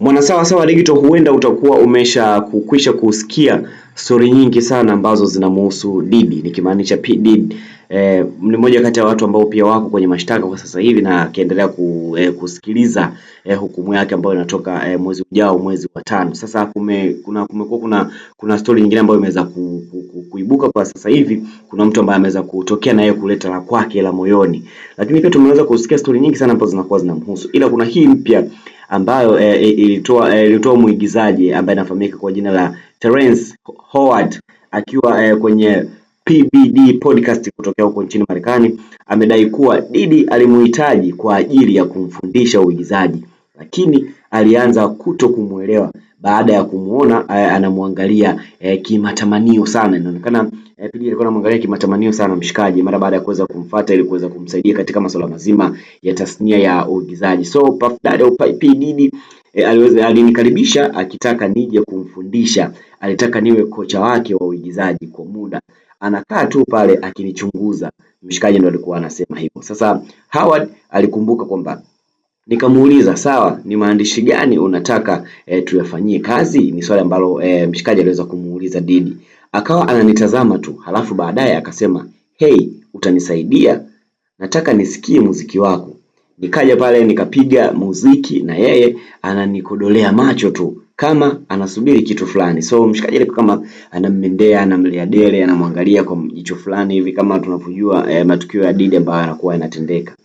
Mwana sawa sawa Digital, huenda utakuwa umesha kukwisha kusikia stori nyingi sana ambazo zinamhusu Diddy, nikimaanisha P Diddy. E, ni mmoja kati ya watu ambao pia wako kwenye mashtaka kwa sasa hivi na akiendelea ku, e, kusikiliza e, hukumu yake ambayo inatoka e, mwezi ujao mwezi wa tano. Sasa kume, kuna kumekuwa kuna kuna stori nyingine ambayo imeweza ku, ku, ku, kuibuka kwa sasa hivi. Kuna mtu ambaye ameweza kutokea na yeye kuleta la kwake la moyoni, lakini pia tumeweza kusikia stori nyingi sana ambazo zinakuwa zinamhusu, ila kuna hii mpya ambayo eh, eh, ilitoa eh, ilitoa mwigizaji ambaye anafahamika kwa jina la Terence Howard akiwa eh, kwenye PBD podcast kutokea huko nchini Marekani amedai kuwa Didi alimuhitaji kwa ajili ya kumfundisha uigizaji, lakini alianza kuto kumwelewa baada ya kumwona eh, anamwangalia eh, kimatamanio sana. Inaonekana E, pili alikuwa anamwangalia kimatamanio sana mshikaji mara baada ya kuweza kumfuata ili kuweza kumsaidia katika masuala mazima ya tasnia ya uigizaji. So Puff Daddy au P Diddy E, aliweza alinikaribisha akitaka nije kumfundisha. Alitaka niwe kocha wake wa uigizaji kwa muda, anakaa tu pale akinichunguza. Mshikaji ndo alikuwa anasema hivyo. Sasa Howard alikumbuka kwamba nikamuuliza sawa, ni maandishi gani unataka e, tuyafanyie kazi? Ni swali ambalo e, mshikaji aliweza kumuuliza Diddy. Akawa ananitazama tu halafu baadaye akasema, hey, utanisaidia? Nataka nisikie muziki wako. Nikaja pale nikapiga muziki na yeye ananikodolea macho tu kama anasubiri kitu fulani. So mshikaji alikuwa kama anammendea, anamlia dele, anamwangalia kwa jicho fulani hivi kama tunavyojua eh, matukio ya Didi ambayo yanakuwa yanatendeka.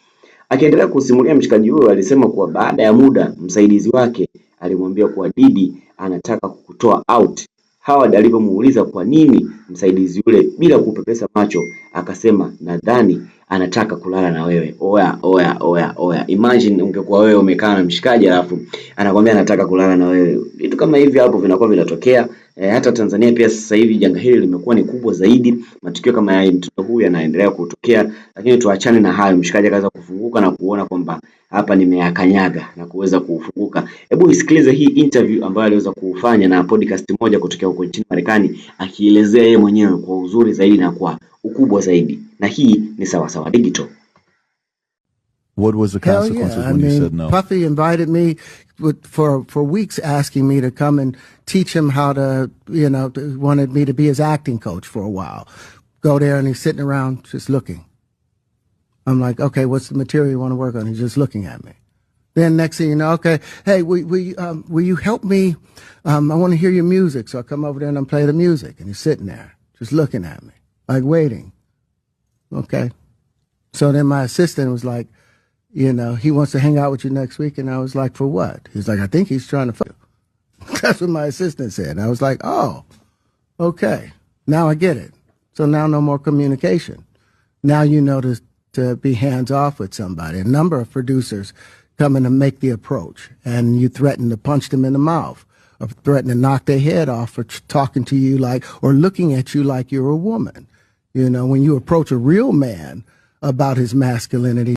Akiendelea kusimulia mshikaji huyo alisema kuwa baada ya muda msaidizi wake alimwambia kuwa Didi anataka kukutoa out Haward alivyomuuliza kwa nini msaidizi yule bila kupepesa macho akasema nadhani anataka kulala na wewe. Oya, oya, oya, oya. Imagine ungekuwa wewe umekaa na mshikaji alafu anakwambia anataka kulala na wewe. Vitu kama hivi hapo vinakuwa vinatokea E, hata Tanzania pia sasa hivi janga hili limekuwa ni kubwa zaidi, matukio kama ya mtoto huyu yanaendelea kutokea, lakini tuachane na hayo. Mshikaji akaweza kufunguka na kuona kwamba hapa nimeyakanyaga na kuweza kufunguka. Hebu isikilize hii interview ambayo aliweza kufanya na podcast moja kutokea huko nchini Marekani, akielezea yeye mwenyewe kwa uzuri zaidi na kwa ukubwa zaidi, na hii ni Sawasawa Digital. What was the consequences consequence yeah. when I mean, you said no? Puffy invited me for for weeks, asking me to come and teach him how to, you know, wanted me to be his acting coach for a while. Go there and he's sitting around just looking. I'm like, okay, what's the material you want to work on? He's just looking at me. Then next thing you know, okay, hey, will, will, you, um, will you help me? Um, I want to hear your music. So I come over there and I play the music. And he's sitting there just looking at me, like waiting. Okay. So then my assistant was like, you know, he wants to hang out with you next week. And I was like, for what? He's like, I think he's trying to fuck you. That's what my assistant said. And I was like, oh, okay. Now I get it. So now no more communication. Now you know to, to be hands off with somebody. A number of producers come in make the approach and you threaten to punch them in the mouth or threaten to knock their head off for talking to you like, or looking at you like you're a woman. You know, when you approach a real man about his masculinity,